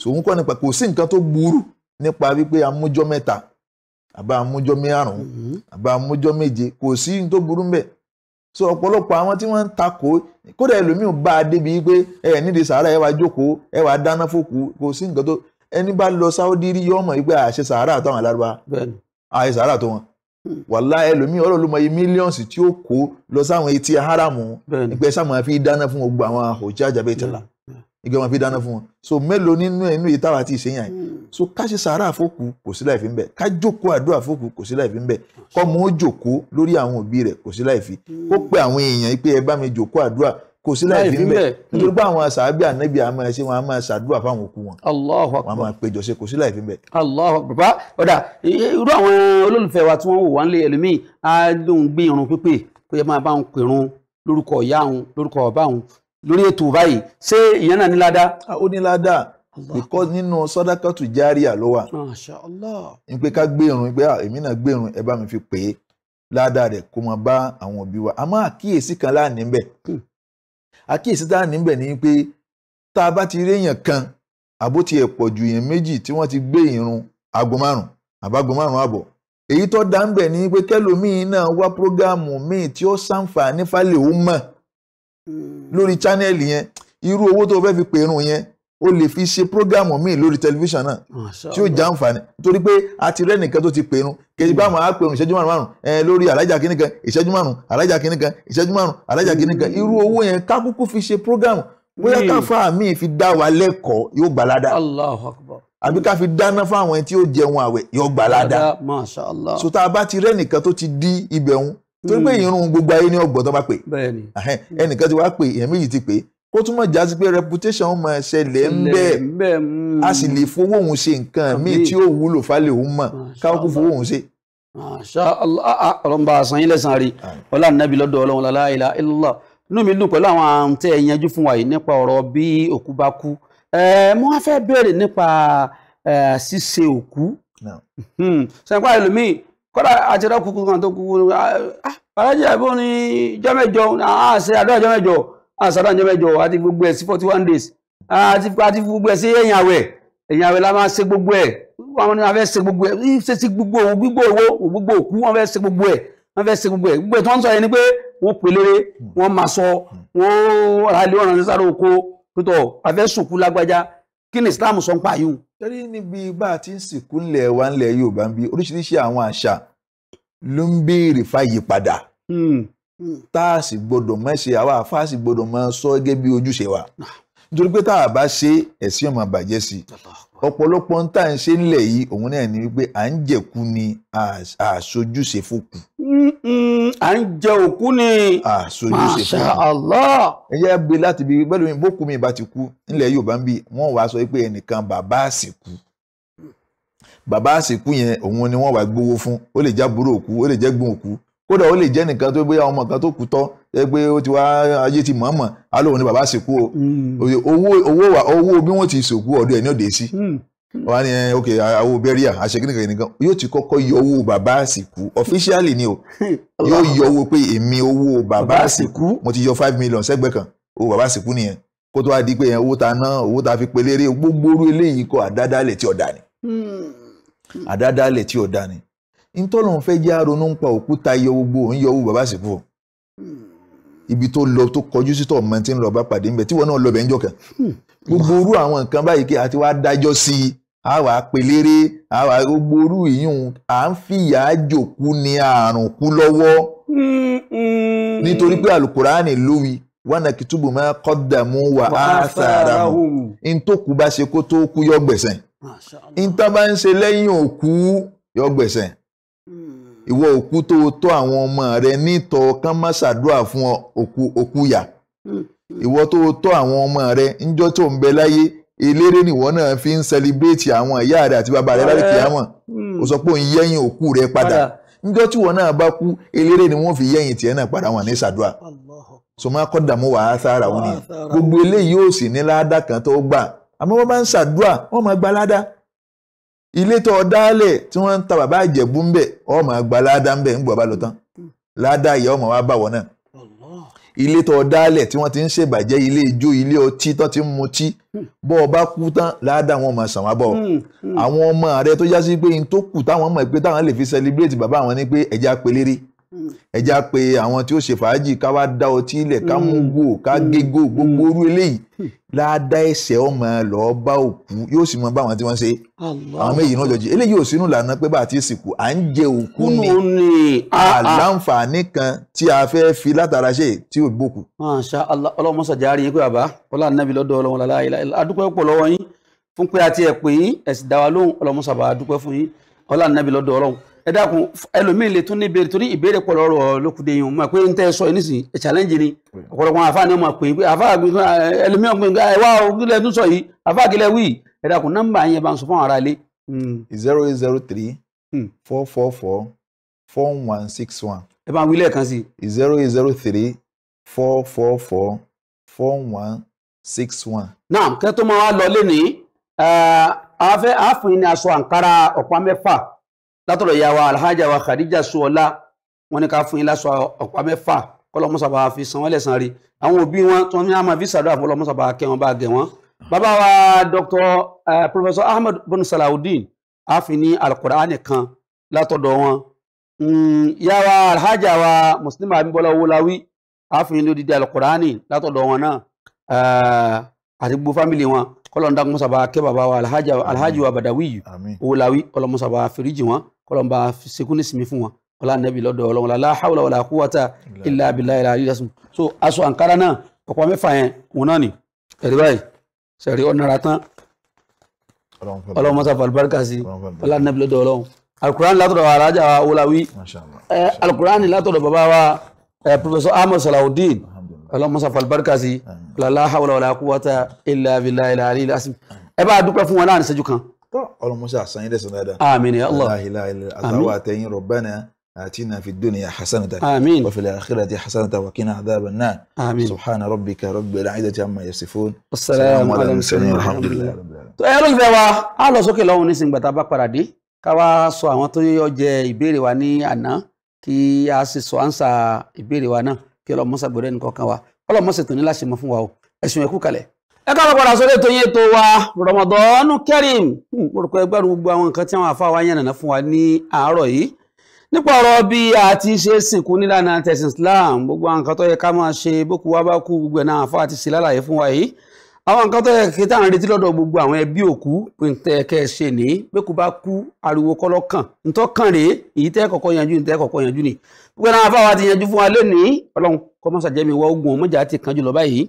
so òun ni pàtàkì kò sí nǹkan tó burú nípa wípé àmújọ́ mẹ́ta àbá àmújọ́ márùn-ún àbá hmm. àmújọ́ méje kò sí ní tó burú mbẹ̀ so ọ̀pọ̀lọpọ̀ àwọn tí wọ́n ń takò kódà ẹlòmíì bá a débi pé ẹ nídìí sàárà ẹ wá jókòó ẹ wá dáná fòkù kò sí nǹkan tó ẹni bá lọ sáwọ́dí rí yọ́mọ̀ yìí àṣẹ sàárà àtàwọn alárúbá àyè sàárà tó wọn wàlá ẹlòmíì ọlọ́lùmọ̀ yìí mílíọ̀nsì tí ó kó lọ sáwọn etí haramu ìgbẹ́ sáwọn fi dáná fún gbogbo àwọn àhòjá àjàbẹ́tẹ̀lá ìgbẹ́ wọn fi dáná fún wọn so mélòó nínú ẹnu yìí táwa ti ṣèyàn yìí hmm. so ká ṣe sàárà fókù kò sí láìfi ń bẹ ká jókòó àdúrà fókù kò sí láìfi ń bẹ kọ́mọ ó jókòó lórí àwọn òbí rẹ̀ kò sí láìfi hmm. ó pé àwọn èèyàn pé ẹ bá mi jókòó àdúrà kò sí láì fi mbẹ hmm. nítorí pé àwọn sàábì ànábì a máa ṣe wọn a máa ṣàdúrà fáwọn òkú wọn wọn a máa péjọ ṣe kò sí láì fi mbẹ. Allahu bàbá ọ̀dà irú àwọn olólùfẹ́ wa tí wọ́n wò wá nílé ẹlòmíì á lóun gbé irun pípé kó yẹ máa bá òun pèrun lórúkọ ìyá òun lórúkọ bàbá òun lórí ètò báyìí ṣé ìyẹn náà ní ládàá. ó ní ládàá because nínú sọdákàtù járíà ló wà. Allah. n pé ká gbé irun pé èmi náà gbé irun ẹ bá mi fi pè é ládàá rẹ̀ kó máa bá àwọn òbí wa àmọ́ àkíyèsí kan láàánú bẹ́ẹ̀ hmm àkíyèsí tá à níbẹ̀ ni pé tá a bá ti rí èèyàn kan àbó ti ẹ̀ pọ̀ ju èèyàn méjì tí wọ́n ti gbé ìrun aago márùn àbágo márùn àbọ̀ èyí tó dá ń bẹ̀ ni pé kẹlòmíín náà wá prógáàmù míì tí ó ṣàǹfààní fálẹ̀ ó mọ̀ hmm. lórí chánẹ́ẹ̀lì yẹn irú owó tó fẹ́ fi pèrún yẹn o lè fi ṣe prógámù míì lórí tẹlifíṣàn náà tí ó já nfààní torí pé a ti rẹ́ nìkan tó ti pèrun kejì bá máa pèrun ìṣẹ́jú márùn márùn ẹ lórí alájà kìíní kan ìṣẹ́jú márùn alájà kìíní kan ìṣẹ́jú márùn alájà kìíní kan irú owó yẹn kákúkú fi ṣe prógámù bóyá káfá hmm. mi fi dá wa lẹ́kọ̀ọ́ yóò gbalada Allahu Akbar àbí ká fi dáná fáwọn ẹni tí ó jẹun àwẹ̀ yóò gbalada Masha Allah so tá a bá ti rẹ́ nìkan tó ti di ibẹ̀ òun torí pé ìrun hmm. gbogbo ayé ní ọgbọ̀n tó bá pè ẹnìkan ti wá pè èèyàn méjì ti pè é kó túmọ̀ já sí pé reputation ọmọ ṣẹlẹ̀ ń bẹ́ẹ̀ hmm. a sì lè fowó òun ṣe nǹkan míì tí ó wúlò falẹ̀ òun mọ̀ káwọn kó fowó òun ṣe. Masha Allah ah, ọlọ́mọba àṣàn yín lẹ́sàn-án rí ọlá nàbí lọ́dọ̀ ọlọ́run la ilaha illallah inú mi dùn pẹ̀lú àwọn àrùn tẹ́ ẹ yanjú fún wa yìí nípa ọ̀rọ̀ bí òkú bá kú mo wá fẹ́ béèrè nípa ṣíṣe òkú sẹ́ńpá hmm. ẹlòmíì kọ́dà àtẹ̀rẹ́ kúkú kan tó kúkú ah, ah, alájà ìbò ni jọ́mẹ́jọ àṣẹ àdó àjọmẹ́jọ àṣàdá ìjọ mẹ́jọ àti gbogbo ẹ̀ sí forty one days àti àti gbogbo ẹ̀ sí ẹ̀yìn àwẹ̀ ẹ̀yìn àwẹ̀ la máa ṣe gbogbo ẹ̀ wọn ni wọn fẹ́ ṣe gbogbo ẹ̀ ṣe ti gbogbo òun gbígbó owó gbogbo òkú wọn fẹ́ ṣe gbogbo ẹ̀ wọn fẹ́ ṣe gbogbo ẹ̀ gbogbo ẹ̀ tí wọ́n ń sọ yẹn ni pé wọ́n pèlére wọ́n máa sọ wọ́n ra ilé ọ̀ràn sísáré oko pẹ̀tọ̀ àfẹ́ sùnkú lágbájá kí ni Islam sọ ń pa yìí. torí níbi bá a ti ń sìnkú ńlẹ̀ wa ńlẹ̀ Yorùbá ń bí oríṣiríṣi àwọn àṣà ló ń béèrè fàyè padà hmm tá a sì gbọdọ̀ mọ́ ṣe àwa àfa sì gbọdọ̀ mọ́ sọ gẹ́gẹ́ bí ojúṣe wa nítorí pé tá a bá ṣe ẹ̀sìn ọmọ bàjẹ́ sí i ọ̀pọ̀lọpọ̀ ń tà ń ṣe ńlẹ̀ yìí òun náà ni wípé à ń jẹ̀kú ni àṣojúṣe fòkù. à ń jẹ òkú ni àṣojúṣe fòkù. Allah. ẹ jẹ́ gbé láti bí bẹ́ẹ̀ lómi bókú mi bá ti kú nílẹ̀ Yorùbá ń bí wọ́n wàá sọ pé ẹnìkan bàbá àsìkú mm. bàbá àsìkú yẹn òun ni wọ́n wàá gbowó fún ó lè jẹ́ àbúrò òkú ó lè jẹ́ gbọ́n òkú kódà ó lè jẹ́ nìkan tó gbé ọmọ kan tó kú tọ́ ẹ pé ó ti wá ayé ti mọ̀ọ́mọ̀ alóhùn ni bàbá sìnkú o hmm. owó owó bí wọ́n ti sìnkú ọ̀dọ̀ ẹ̀ ní òde sí hmm. wọ́n á ní eh, ok àwọn bẹ́ríà nìkan yóò ti kọ́kọ́ yọ owó bàbá ni o (laughs) yóò yọ owó pé èmi owó bàbá mo ti yọ five million sẹ́gbẹ́ kan owó bàbá nìyẹn kó tó wá di pé eh, owó ta ná owó ta fi pelére gbogbo eléyìí àdádálẹ̀ ntọ́lọ́n fẹ́ jẹ́ àrònú ń pa òkúta yọ gbogbo òun yọ owó bàbá àsìkò ibi tó lọ tó kọjú sí tọ̀mọ tí ń lọ bá pàdé ńbẹ tí wọn náà lọ bẹ̀ ń jọkàn gbogbo orú àwọn nǹkan báyìí kí àti wàá dájọ́ sí i a wàá pelére a wàá gbogbo orú ìyún à ń fìyà jòkú ní àrùn kú lọ́wọ́ nítorí pé alukurani lówi wọn kìtùbù máa kọ́dàmú wà á sàrà hù ntòkù bá ṣe kó tó kú yọ gbẹ̀sẹ̀ ntọ́ ń ṣe lẹ́yìn òkú yọ gbẹ̀sẹ̀ ìwọ òkú tó o tọ́ àwọn ọmọ rẹ nítọ́ kán má ṣàdúrà fún òkú òkú yà ìwọ tó o tọ́ àwọn ọmọ rẹ ńjọ́ tó ń bẹ láyé eléré nìwọ náà fi ń sẹlibrétì àwọn ìyá rẹ àti bàbá rẹ láti kìámọ̀ hmm. o sọ pé òun yẹ́yìn òkú rẹ padà ńjọ́ tí wọn náà bá kú eléré ni wọ́n fi yẹ́yìn tiẹ̀ náà padà wọn ní ṣàdúrà so máa kọ́ dààmú sára òun ni gbogbo eléyìí yóò sì ní ládàá kan tó gbà àmọ́ wọ́n bá ń ṣàdúrà wọ́n máa gba ládàá ilé tó o dálẹ̀ tí wọ́n ń ta bàbá àjẹ̀bú ń bẹ̀ ọ máa gba ládá ń bẹ̀ ń gbọ́ bá lọ tán hmm. ládá ìyá ọmọ wa bá wọ̀ náà ilé tó dálẹ̀ tí wọ́n ti ń ṣèbàjẹ́ ilé ijó ilé ọtí tó ti ń mutí hmm. bọ́ ọ bá kú tán ládá wọn máa sàn wá bọ̀ hmm. àwọn ọmọ rẹ tó já sí pé n tó kù táwọn mọ̀ pé táwọn lè fi celebrate bàbá àwọn ní pé ẹ̀já pelérí ẹja pé àwọn tí ó ṣe fàájì ká wá dá ọtí ilẹ̀ ká mú hmm. hmm. gò ká hmm. gégò gbogbo orú eléyìí láàdá ẹsẹ̀ ọmọ lọ́ọ́ bá òkú yóò sì mọ bá àwọn tí wọ́n ṣe àwọn méjì náà jọjì eléyìí ò sínú ìlànà pé bá a ti sìnkú à ń jẹ òkú ni ah, ah. àlàǹfààní kan tí a fẹ́ fi látara ṣe tí ò gbókù. Masha Allah ọlọ́run mọ́sàjà rí yín pé bàbá ọlá nàbí lọ́dọ̀ ọlọ́run lálá adúpẹ́ pọ̀ lọ́wọ́ yín fún pé àti ẹ̀ pé ẹ̀sìn dáwà lóhùn ọlọ́run mọ́sàbà adúpẹ́ fún yín ọlá nàbí lọ́dọ̀ ọlọ́run ẹ dákun ẹlòmíì lè tún ní ìbéèrè torí ọrụ pọ̀ lọ́rọ̀ lókùdé yìí ma pé n tẹ́ sọ nísìn ẹ̀ challenge ni ọ̀pọ̀lọpọ̀ àfáà ni wọ́n pè é àfáà tún sọ yìí àfáà sọ fún ara hmm. zero eight zero three hmm. four four four four one six one. ẹ bá ń wí lẹ́ẹ̀kan sí i. zero eight zero three four four four four one six látọ̀rọ̀ ìyá wa alhaja wa khadija suola wọn ní ká fún yín láṣọ ọ̀pá mẹ́fà kọlọmọsàbà fi san wọn lẹ́san rí àwọn òbí wọn tí wọn ní àmà fi sàdúrà fún ọlọmọsàbà kẹ́ wọn bá gẹ̀ wọ́n. bàbá wa dr professor ahmed bin salawudeen a fi ní alukur'an nìkan látọ̀dọ̀ wọn. Hmm, ìyá wa alhaja wa muslima abimbola wolawi a fi ní lódìdí alukur'an látọ̀dọ̀ wọn náà àti gbogbo fámìlì wọn kọlọ́n dákun mọ́sàbá kẹ́ bàbá wa alhaji alhaji wa badawiyu owolawi kọlọ́n mọ́sàbá fèrèjì wọn kọlọ́n bá sekú ní sinmi fún wọn ọlá nàbí lọ́dọ̀ ọlọ́run la hawla wala quwwata illa billahi alali rasul so aṣọ àǹkárá náà ọ̀pọ̀ mẹ́fà yẹn òun náà ni ẹ̀rí báyìí sẹ̀rí ọ̀nàrà tán ọlọ́run mọ́sàbá alibarika sí ọlá nàbí lọ́dọ̀ ọlọ́run alukurani látọ̀dọ̀ alhaji wa owolawi alukurani látọ̀dọ̀ bàbá wa ọlọ́mọ sọ fàlùbáríkà sí lálá hawla wala quwwata illa billahi al-ali al-azim ẹ bá dúpẹ́ fún wọn láàrin ìṣẹ́jú kan. ọlọmọṣẹ àṣàyàn lẹsẹ dáadáa àmín ya Allah àtàwọn àtẹyìn rabbana atina fid dunya hasanatan wa fil akhirati hasanatan wa qina adhaban nar subhana rabbika rabbil izzati amma yasifun assalamu ala mursalin alhamdulillah. tó ẹ lóyún fẹ́ wa á lọ sókè lọ́wọ́ ní sìngbà tá a bá padà dé ká wá sọ àwọn tó yọ jẹ ìbéèrè wa ní àná kí a sì sọ àǹsà ìbéèrè wa náà ọlọ́run mọ́sá gbọ́dọ̀ ẹnì kọ̀ọ̀kan wa ọlọ́run mọ́sá tó ní láṣẹ mọ́ fún wa o ẹ̀sùn ẹ̀kú kalẹ̀. ẹ káàbọ̀ padà sórí ètò yẹn ètò wa Ramadan Kareem hmm, mo rò pé ẹgbẹ́rún gbogbo àwọn nǹkan tí àwọn àfa wa yẹn nàná fún wa ní àárọ̀ yìí nípa ọ̀rọ̀ bí a ti ṣe sìnkú nílànà tẹ̀sìn Islam gbogbo àwọn nǹkan tó yẹ ká máa ṣe bókú wa bá kú gbogbo ẹ̀ náà àfa àti ṣe lálàyé fún wa yìí àwọn nǹkan tó yẹ kí táwọn retí lọ́dọ̀ gbogbo àwọn ẹbí òkú tẹ̀kẹ́ ṣe ní bẹ́kú bá kú ariwo kọ́ lọ́kàn ntọ́ kàn rèé èyí tẹ́ kọ́kọ́ yanjú ní tẹ́ kọ́kọ́ yanjú ni gbogbo àwọn afáwa ti yanjú fún wa lónìí ọlọ́run kọ́mọ́sà jẹ́mi wá ogun ọmọjà ti kan jùlọ báyìí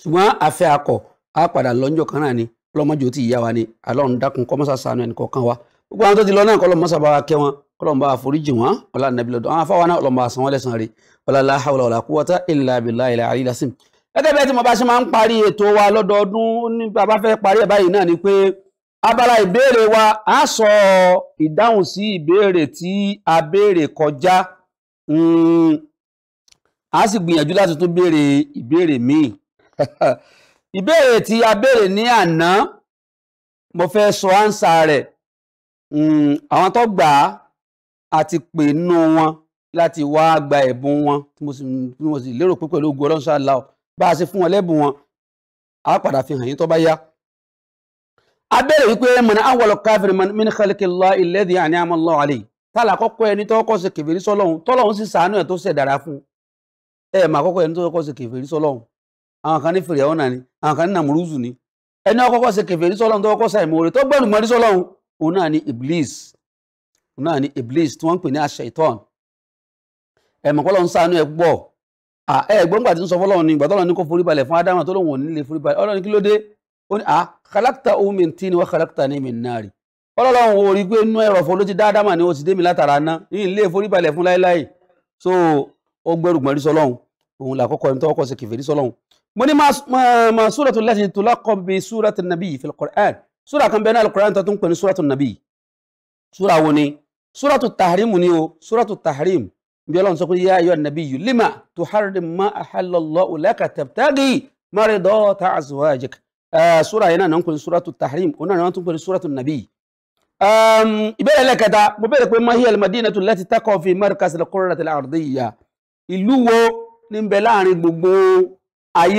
ṣùgbọ́n afẹ́ akọ̀ á padà lọ́njọ́ kan náà ni ọlọ́mọjò ti yá wa ni alọ́run dákun kọ́mọ́sà sànú ẹnì kọ̀ọ̀kan wa gbogbo àwọn tó ti lọ náà kọ́lọ́ mọ́sà bá wa kẹ́ wọn kọ́lọ́ bá wa foríjì wọn ọlá nàbí lọ́dọ̀ àwọn afáwa náà ọlọ́mọ àsanwó lẹ́sàn gẹ́gẹ́ bẹ́ẹ̀ tí mo bá ṣe máa ń parí ètò wa lọ́dọọdún ní bàbá fẹ́ parí ẹ̀ náà ni pé abala ìbéèrè wa á sọ ìdáhùn sí ìbéèrè tí a béèrè kọjá hmm, a sì gbìyànjú láti tún béèrè ìbéèrè míì (laughs) ìbéèrè tí a béèrè ní àná mo fẹ́ sọ ánsà rẹ̀ hmm, àwọn tó gbà á àti pè nínú wọn láti wá gba ẹ̀bùn wọn tí mo sì lérò pé pẹ̀lú ogun ọlọ́run ṣáà láò bá a ṣe fún wọn lẹ́bùn wọn á padà fi hàn yín tó bá yá. abẹ́rẹ́ wípé mọ̀nà awọ́lọ̀ káfíìn min khalqillah alladhi an'ama Allah alayhi tálà kọ́kọ́ ẹni tó kọ́ ṣe kèfèrí sọ́lọ́hún tọ́lọ́hún sì sàánú ẹ̀ tó ṣẹ̀ dára fún ẹ mà kọ́kọ́ ẹni tó kọ́ ṣe kèfèrí sọ́lọ́hún àwọn kan ní fèrè ọ̀nà ni àwọn kan ní nàmúrúzù ni ẹni ọkọ́kọ́ kọ́ ṣàìmọ̀ọ́rẹ́ tó ẹ gbọ́n gbàdí tó sọ fọlọ́run ni gbàdọ́lọ́ ní kó forí balẹ̀ fún ádámà tó lóun ò nílé forí balẹ̀ ọlọ́run kí ló dé ó ní à kàlákítà ohun mi tí ni wọ́n kàlákítà ní mi náà rí ọlọ́run ò rí pé inú ẹ̀rọ̀fọ́ ló ti dá ni ó ti dé mi látara ná ní ilé forí balẹ̀ fún láéláé so ó gbẹ́rù gbọ̀nrí sọlọ́run òun làkọ́kọ́ ẹni tọ́kọ́ ṣe kẹfẹ́rí sọlọ́run mo ní ma súratu láti tó lákọ̀ bí súratu nàbí fil Qur'an súra kan bẹ́ẹ̀ náà al-Qur'an tó tún pè بيلون سكو يا أيها النبي لما تحرم ما أحل الله لك تبتغي مرضات أزواجك آه سورة هنا ننقل سورة التحريم هنا ننقل سورة النبي أم يبقى لك دا مبارك ما هي المدينة التي تقع في مركز القرى الأرضية إلو نمبلان بوغو أي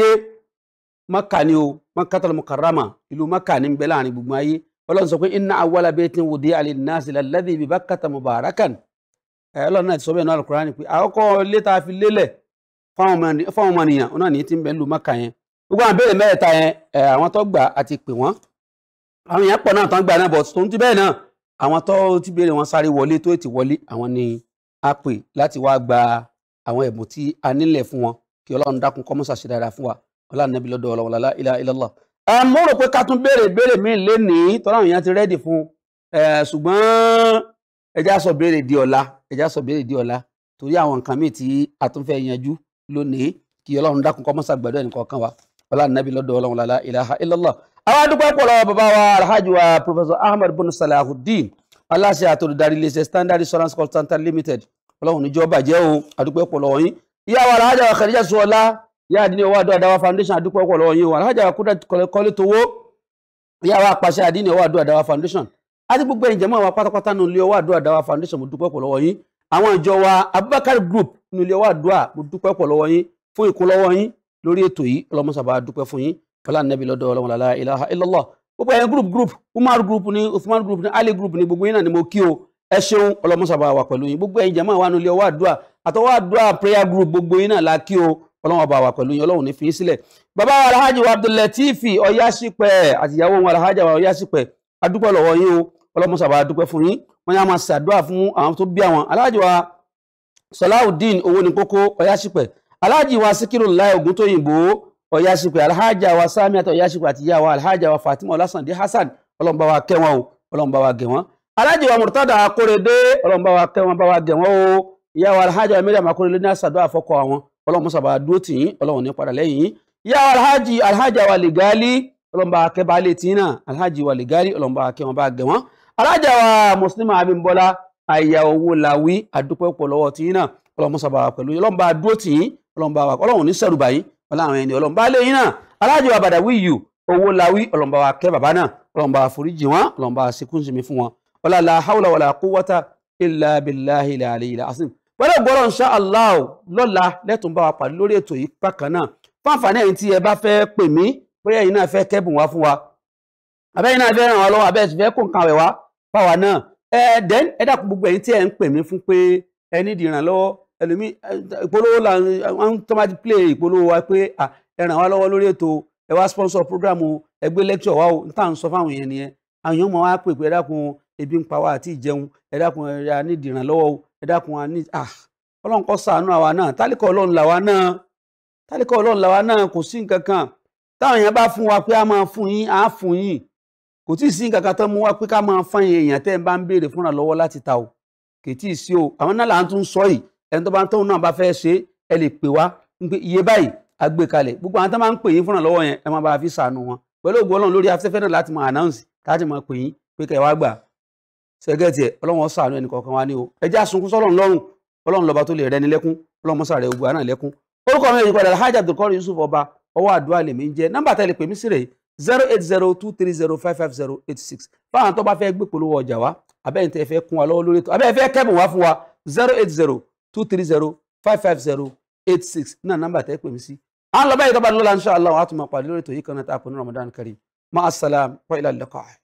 مكانيو مكة المكرمة إلو مكان نمبلان بوغو أي ولن سكو إن أول بيت ودي للناس الذي ببكة مباركا Ọlọ́run náà ti sọ bẹ́ẹ̀ náà Al-Kùránì pé àkọ́kọ́ létà fi lélẹ̀ fáwọn ọmọnìyàn náà ní ti ń bẹ lu Mọ́kà yẹn gbogbo àwọn abẹ́rẹ́ mẹ́ta yẹn àwọn tó gbà àti pè wọ́n àwọn èèyàn pọ̀ náà tó ń gbà náà bọ̀ tó ń ti bẹ́ẹ̀ náà àwọn tó ti béèrè wọn sáré wọlé tó ti wọlé àwọn ni a pè láti wá gba àwọn ẹ̀bùn tí a nílẹ̀ fún wọn kí Ọlọ́run dákun kọ́ mọ́sàṣì dáadáa fún ẹjá sọ béèrè di ọ̀la ẹjá sọ béèrè di ọ̀la torí àwọn nǹkan míì tí a tún fẹ́ yanjú lónìí kí ọlọ́run dákun kọ́ mọ́sá gbàdúrà ẹnì kọ̀ọ̀kan wa ọlá nàbí lọ́dọ̀ ọlọ́run lálá ilaha illallah. àwọn adúpẹ́ pọ̀ lọ́wọ́ bàbá wa alhaji wa professor ahmed Bonu salahuddin aláṣẹ àtòlùdarí iléeṣẹ́ standard insurance consultant limited ọlọ́run níjọ́ bàjẹ́ o adúpẹ́ pọ̀ lọ́wọ́ yín. ìyá wa alhaji wa khadija suola ìyá àdínní owó adó adáwa foundation adúpẹ́ pọ̀ lọ́wọ́ yín o alhaji wa kúndà kọ́lé towó ìyá wa foundation àti gbogbo ẹ̀yin jàmáà wa pátápátá nínú ilé ọwọ́ àdúrà dáwà foundation mo dúpẹ́ pọ̀ lọ́wọ́ yín àwọn ìjọ Abubakar group nínú ilé ọwọ́ àdúrà mo dúpẹ́ pọ̀ lọ́wọ́ yín fún ìkúnlọ́wọ́ yín lórí ètò yìí ọlọ́mọsàbà dúpẹ́ fún yín fọlá nẹ́bí lọ́dọ̀ ọlọ́mọ ilaha illallah gbogbo ẹ̀yin group group Umar group ni Uthman group ni Ali group ni gbogbo yín náà ni mo kí o ẹ ṣeun ọlọ́mọsàbà wà pẹ̀lú yín gbogbo ẹ̀yin jàmáà wa nínú prayer group gbogbo yín náà la kí o ọlọ́wọ́n bá wa pẹ̀lú yín ọlọ́run ní fi sílẹ̀ bàbá wa alhaji wa abdulatifi ọyásípẹ̀ àtìyàwó wọn alhaji wa ọyásípẹ̀ adúpẹ́ lọ́wọ́ yín o ọlọ́mọsà bá dúpẹ́ fún yín wọ́n yá máa ṣàdúrà fún àwọn tó bí àwọn aláàjì wa sọláùdín owó ní kókó ọ̀yáṣípẹ̀ aláàjì wa síkírù láì ògùn tó yìnbó ọ̀yáṣípẹ̀ alhaja wa samiat ọ̀yáṣípẹ̀ àti ìyá wa alhaja fatima ọlásàndé hasan ọlọ́mọba wa kẹ́ wọn o ọlọ́mọba wa gẹ̀ wọ́n murtada akórèdé ọlọ́mọba wa kẹ́ wọn bá wa gẹ̀ wọ́n o ìyá wa alhaja wa mẹ́rìàm akórèdé ní àṣàdúrà fọ́kọ àwọn ọlọ́mọsà bá dúró tì yín alhaji wa lìgálí ọlọ́mọba akẹ́ bá alhaji wa lìgálí ọlọ́mọba akẹ́ wọn bá gẹ̀ alájà wa mùsùlùmí abímbọ́lá àyà owó làwí àdúpẹ́ pọ̀ lọ́wọ́ tí yín náà ọlọ́run mọ́sàbà wà pẹ̀lú ọlọ́run bá dúró tì yín ọlọ́run bá wà ọlọ́run ní sẹ̀rù báyìí ọlọ́run ẹni ọlọ́run bá lé yín náà alájà wa bàdàwí yù owó làwí ọlọ́run bá kẹ́ bàbá náà ọlọ́run bá wọn ọlọ́run bá fún wọn ọlọ́lá haúlà wàlà quwwata illa billahi al-aliyyil azim wọ́n gbọ́rọ̀ insha Allah lọ́la lẹ́tùn bá wa pàdé lórí ètò yìí bákan náà fáǹfààní ẹ̀yin tí ẹ bá fẹ́ pè mí bóyá ẹ̀yin náà fẹ́ kẹ́bùn wá fún wa àbẹ́yìn náà fẹ́ ràn wá lọ́wọ́ àbẹ́yìn náà fẹ́ kó nǹkan rẹ̀ wá fáwa náà ẹ then ẹ gbogbo ẹ̀yin tí ẹ ń pè mí fún pé ẹ nídìí ìrànlọ́wọ́ ẹlòmí ìpolówó là ń tó máa ti play ìpolówó wa pé ẹ ràn wá lọ́wọ́ lórí ètò ẹ wá sponsor program o ẹ lecture wa o n tà ń sọ pè pé ẹ ebi ń àti ìjẹun ẹ ẹ nídìí ìrànlọ́wọ́ o ẹ ní ah ọlọ́run kò tí ì sí nǹkan kan tán mú wá pé ká máa fáyín èèyàn tẹ́ ẹ bá ń béèrè fúnra lọ́wọ́ láti ta o kì í tí ì sí o àwọn náà là ń tún sọ yìí ẹni tó bá ń tóun náà bá fẹ́ ṣe ẹ lè pè wá ń pé iye báyìí a gbé kalẹ̀ gbogbo àwọn tó máa ń pè yín fúnra lọ́wọ́ yẹn ẹ máa bá a fi sànù wọn pẹ̀lú ọlọ́run lórí afẹ́fẹ́ náà láti máa announce láti máa pè yín pé kẹ́ wá gbà zero eight zero two three zero five five zero eight six fáwọn tó bá fẹ́ gbé polówó ọjà wa abẹ́yìn tẹ́ fẹ́ kún wa lọ́wọ́ lórí ètò abẹ́yìn fẹ́ kẹ́bùn wá fún wa zero eight zero two three zero five five zero eight six náà nọ́mbà tẹ́ pè mí sí. à ń lọ tó bá lọ́la insha Allah àwọn àtúmọ̀ pàdé lórí ètò yìí kan náà tá a kò ní Ramadan Kareem ma'as wa ila al